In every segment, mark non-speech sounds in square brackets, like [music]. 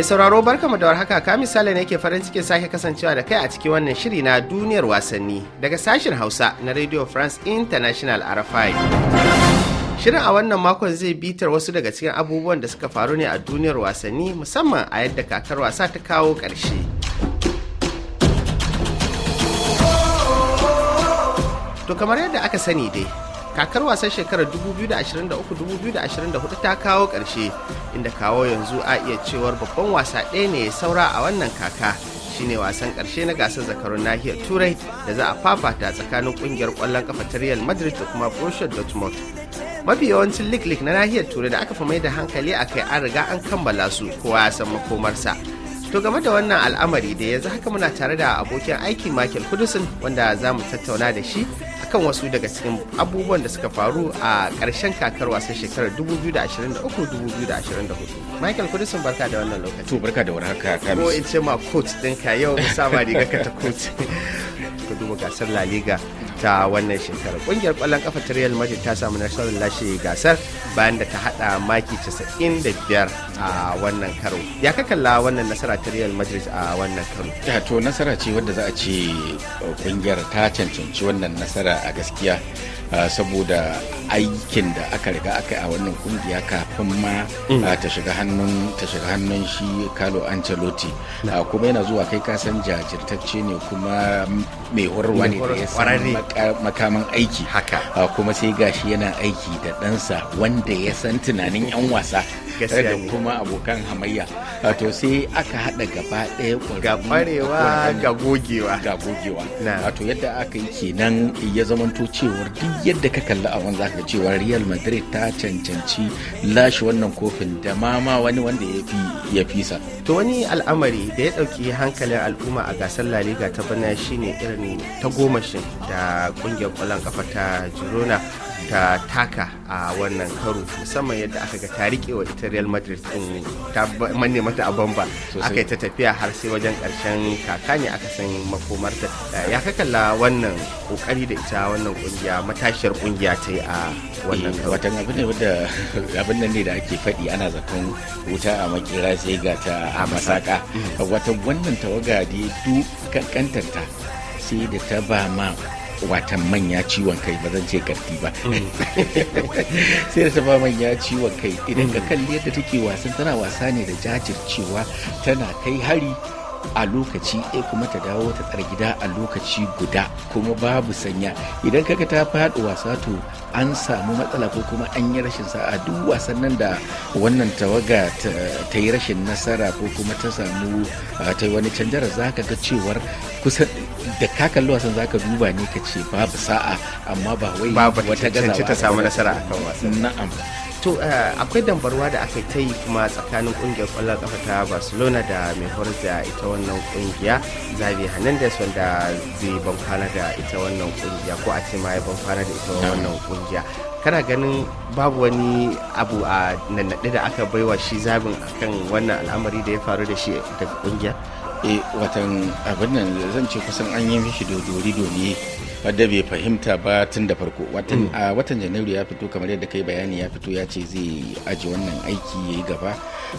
Mai sauraro barkamu da warhaka ka misali ne ke farin cikin sake kasancewa da kai a cikin wannan shiri na duniyar wasanni daga sashen Hausa na Radio France International RFI. Shirin a wannan makon zai bitar wasu daga cikin abubuwan da suka faru ne a duniyar wasanni musamman a yadda kakar wasa ta kawo ƙarshe. To kamar yadda aka sani dai, kakar wasan shekarar 2023-2024 ta kawo ƙarshe inda kawo yanzu a iya cewar babban wasa ɗaya ne ya saura a wannan kaka shine wasan ƙarshe na gasar zakarun nahiyar turai da za a fafata tsakanin ƙungiyar ƙwallon kafa ta real madrid da kuma borussia dortmund mafi yawancin lig-lig na nahiyar turai da aka fi mai da hankali a kai an riga an kammala su kowa ya san makomarsa To game da wannan al'amari da yanzu haka muna tare da abokin aiki Michael Hudson wanda za mu tattauna da shi akan wasu daga cikin abubuwan da suka faru a ƙarshen kakar wasan shekarar 2023-2024. Michael Hudson barka da wannan lokaci. To barka da warhaka Kamis. Ko in ce ma coach ɗinka yau musamman riga ka ta coach. [laughs] Ka duba gasar La Liga. ta wannan shekarar kungiyar kwallon kafa ta real madrid ta samu nasarar lashe gasar bayan da ta hada maki 95 a wannan karo ya kakalla wannan nasara ta real madrid a wannan karo to nasara ce wadda za a ce kungiyar ta cancanci wannan nasara a gaskiya Ah, saboda aikin da aka riga aka a wannan kungiya kafin ma mm. ah, ta shiga hannun ta shiga hannun shi Carlo Ancelotti ah, kuma yana zuwa kai ka san jajirtacce ne kuma mai horarwa ne da ya makaman aiki haka kuma sai gashi yana aiki da ɗansa wanda ya san tunanin 'yan wasa da kuma abokan hamayya wato sai aka haɗa gaba ɗaya ga kwarewa ga gogewa ga gogewa wato yadda aka yi kenan ya zamanto cewar duk yadda ka kalli abin za ka cewa real madrid ta cancanci lashe wannan kofin da ma ma wani wanda ya fi ya sa to wani al'amari da ya ɗauki hankalin al'umma a gasar la liga ta bana shine irin ta goma gomashin da kungiyar kwallon kafa ta girona ta taka a wannan karo musamman yadda aka ga ta wa ita real madrid din ta manne mata a bamba aka yi ta tafiya har sai wajen karshen kaka ne aka san makomarta ya kakalla wannan kokari da ita wannan kungiya matashiyar kungiya ta yi a wannan karo watan abin ne wanda abin nan ne da ake faɗi ana zaton wuta a makira sai ga ta a masaka mm. wata wannan tawaga dai duk kankantar ta sai da ta ba ma watan manya ciwon kai ba zan ce karti ba mm. [laughs] sai da ta ba manya ciwon kai idan ka mm. kalli yadda take wasan tana wasa ne da jajircewa tana kai hari a lokaci ɗaya kuma ta dawo ta tsar gida a lokaci guda kuma babu sanya idan kaga ta faɗi wasa to an samu matsala ko kuma an yi rashin sa'a duk wasan nan da wannan tawaga ta yi rashin nasara ko kuma ta samu ta yi wani canjara za ka ga cewar kusan da ka kalli wasan za ka duba ne ka ce babu sa'a amma ba wai wata gazawa ta samu nasara a to eh, akwai dambarwa da aka ta yi kuma tsakanin kungiyar kwallon kafa ta barcelona da mai horar da ita wannan kungiya zabi hernandez wanda zai bankwana da ita wannan kungiya ko a ce ma ya bankwana da ita wannan kungiya kana ganin babu wani abu a nannaɗe da aka baiwa shi zabin akan wannan al'amari da ya faru da shi daga kungiya e eh, watan abin nan zan ce kusan an yi mishi dodori domin wadda bai fahimta ba tun da farko mm. a watan janairu ya fito kamar yadda kai bayani ya fito ya ce zai aji wannan aiki ya yi gaba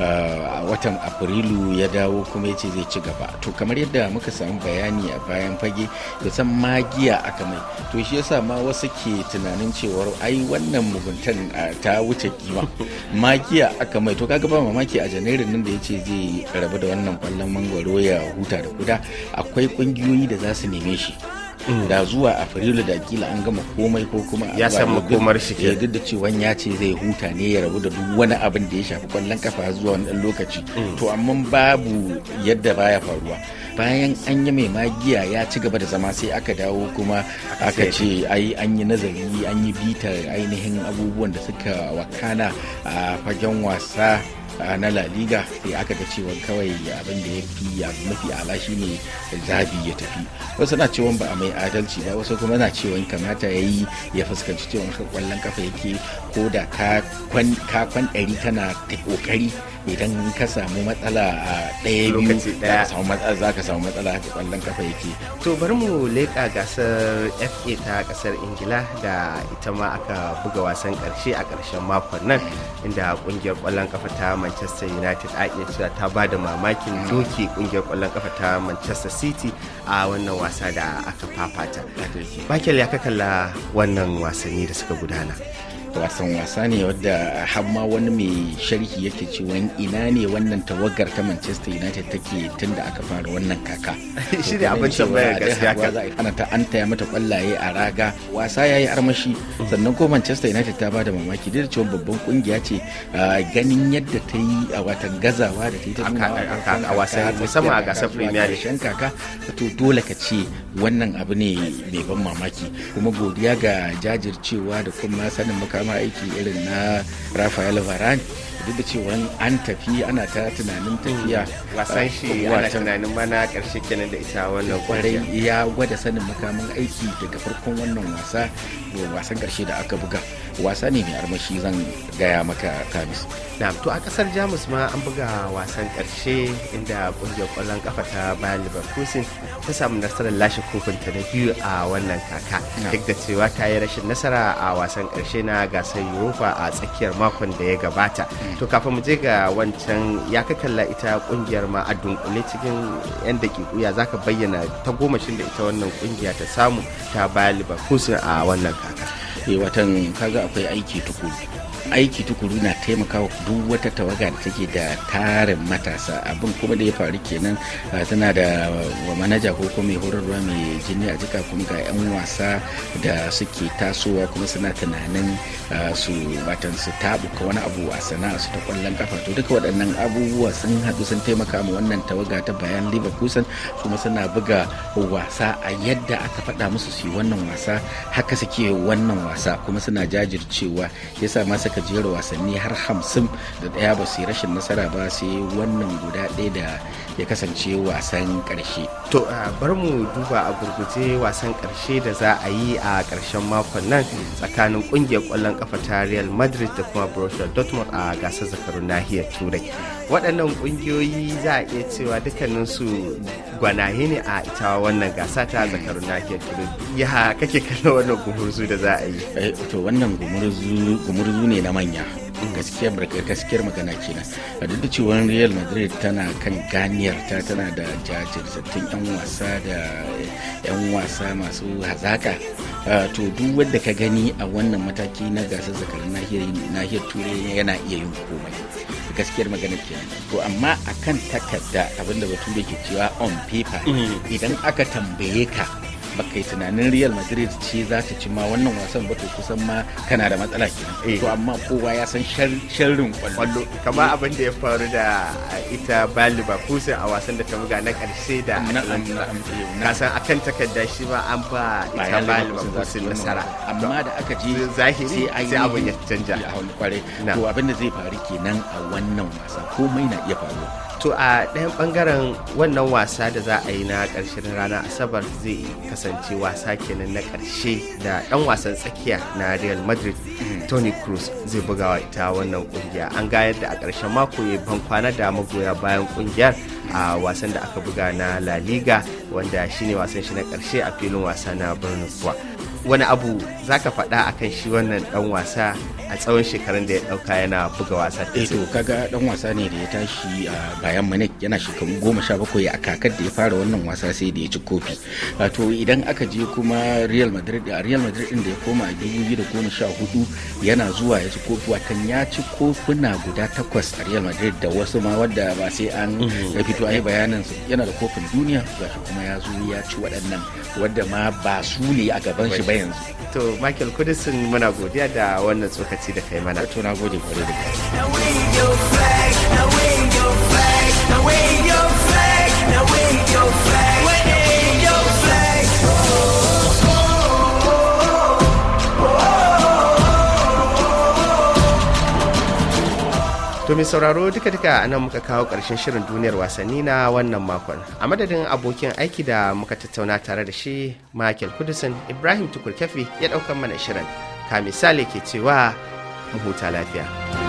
a watan afrilu ya dawo kuma ya ce zai ci gaba to kamar yadda muka samu bayani a bayan fage da san magiya aka mai to shi yasa ma wasu ke tunanin cewar ai wannan muguntan ta wuce kima [laughs] magiya aka mai to kaga ba mamaki a janairun nan da ya ce zai rabu da wannan kwallon mangwaro ya huta da kuda akwai kungiyoyi da za su neme shi Mm. da zuwa a afrilu da kila an gama komai ko kuma ya san komar shi ke duk da cewa ya ce zai huta ne ya rabu da duk wani abin da ya shafi kwallon kafa zuwa wani dan lokaci mm. to amma babu yadda baya faruwa bayan an yi mai magiya ya ci gaba da zama sai aka dawo kuma aka ce ai an yi nazari an yi bitar ainihin abubuwan da suka wakana a fagen wasa na La Liga sai aka ga cewa kawai abin da ya fi ya mafi ala shi ne zabi ya tafi wasu na cewa ba a mai adalci ba wasu kuma na cewa kamata ya yi ya fuskanci cewa kwallon kafa yake ko da ka kwan ɗari tana ta ƙoƙari idan ka samu matsala a ɗaya biyu za ka samu matsala za ka samu kwallon kafa yake to bari mu leƙa gasar fa ta ƙasar ingila da ita ma aka buga wasan ƙarshe a ƙarshen makon nan inda ƙungiyar ƙwallon kafa ta manchester united a iya cewa ta ba da mamakin doki ƙungiyar ƙwallon kafa ta manchester city a wannan wasa da aka fafata bakel ya kalla wannan wasanni da suka gudana wasan wasa ne wadda hamma wani mai sharhi yake wani ina ne wannan tawagar ta manchester united take tun da aka fara wannan kaka [laughs] shi ne abin tambaya gaskiya ka za a ta an taya mata kwallaye a raga wasa ya yi armashi sannan ko manchester united ta bada mamaki da cewa babban kungiya ce ganin yadda ta yi a watan gazawa da ta yi ta a wasa musamman a gasar premier league kaka to dole ka ce wannan abu ne mai ban mamaki kuma godiya ga jajircewa da kuma sanin makamu ma aiki irin na Rafael Varane duk da cewa an tafi ana ta tunanin tafiya hmm. wasan shi uh, ana tunanin mana karshe kenan da ita wannan kwarai ya gwada sanin makamin aiki daga farkon wannan wasa wasan karshe da aka buga wasa ne mai armashi zan gaya maka kamis na to a kasar jamus ma an buga wasan karshe inda kungiyar kwallon kafa ta bayan leverkusen ta samu nasarar lashe kofinta na biyu a wannan kaka duk da cewa ta yi rashin nasara a wasan karshe na gasar europa a tsakiyar makon da ya gabata mm. to kafin mu je ga wancan ya ka kalla ita kungiyar ma a dunkule cikin yan dakiku ya zaka bayyana ta goma shin da ita wannan kungiya ta samu ta bayan leverkusen a wannan kaka Eh, watan kaga akwai aiki tukuru aiki tukuru na taimakawa duk wata tawaga da take da tarin matasa abin kuma da ya faru kenan tana da wa manaja ko kuma mai horarwa mai jini a jika kuma ga 'yan wasa da suke tasowa kuma suna tunanin su watan su tabuka wani abu a sana'a su ta kwallon kafa to duka waɗannan abubuwa sun haɗu sun taimaka ma wannan tawaga ta bayan liba kusan kuma suna buga wasa a yadda aka faɗa musu su yi wannan wasa haka suke wannan wasa kuma suna jajircewa yasa ma suka jera wasanni har hamsin da ɗaya ba su yi rashin nasara ba sai wannan guda ɗaya da ya kasance wasan ƙarshe. to bar mu duba a gurguje wasan ƙarshe da za a yi a ƙarshen makon nan tsakanin ƙungiyar ƙwallon ƙafa ta real madrid da kuma borussia dortmund a gasar zakarun nahiyar turai waɗannan ƙungiyoyi za a iya cewa dukkaninsu gwanaye ne a ita wannan gasa ta zakarun nahiyar turai ya kake kallon wannan gumurzu da za a yi eh, to wannan gumurzu ne na manya gaskiyar gaskiyar magana kenan a duk da cewa real madrid tana kan ganiyar ta tana da jajirtattun yan wasa da yan wasa masu hazaka to duk wanda ka gani a wannan mataki na gasar zakarin nahiyar turai yana iya yin komai gaskiyar magana kenan to amma akan takarda abinda bature ke cewa on paper mm. idan aka tambaye ka baka yi tunanin real madrid ce za ta ci ma wannan wasan ba to kusan ma kana da matsala kenan eh. to amma kowa ya san sharrin kwallo kama abin da ya faru da ita ba kusa a wasan da ta buga na karshe da eh, ka san akan takarda shi ba an ba ita ba kusa nasara amma da aka ji zahiri sai abin ya canja to abin da zai faru kenan a wannan wasa komai na iya faru. to a ɗayan bangaren wannan wasa da za a yi na ƙarshen rana asabar zai kasance kasance wasa kenan na ƙarshe da dan wasan tsakiya na Real Madrid Toni cruz zai wa ita wannan kungiya. An gayar da a ƙarshen mako ya ban kwana da magoya bayan kungiyar a wasan da aka buga na La Liga wanda shine wasan shi na karshe a filin wasa na Bernabeu. wani abu za zaka faɗa kan shi wannan dan wasa a tsawon shekarun da ya ɗauka yana buga wasa eh to kaga dan wasa ne da ya tashi a bayan manik yana shekaru goma sha bakwai a kakar da ya fara wannan wasa sai da ya ci kofi to idan aka je kuma real madrid a real madrid din da ya koma a dubu biyu da goma sha hudu yana zuwa ya ci kofi watan ya ci kofuna guda takwas a real madrid da wasu ma wadda ba sai an ya mm-hmm. fito a yi bayanin su yana da kofin duniya ga kuma ya zo ya ci waɗannan wadda ma ba su ne a gaban shi ba yanzu to michael kudisin muna godiya da wannan tsokaci da kai mana to na gode kwarai da To mai sauraro duka duka nan muka kawo ƙarshen shirin duniyar wasanni na wannan makon. A madadin abokin aiki da muka tattauna tare da shi Michael Kudusin Ibrahim Tukurkefi ya ɗaukan mana shirin. Ka misali ke cewa mu huta lafiya.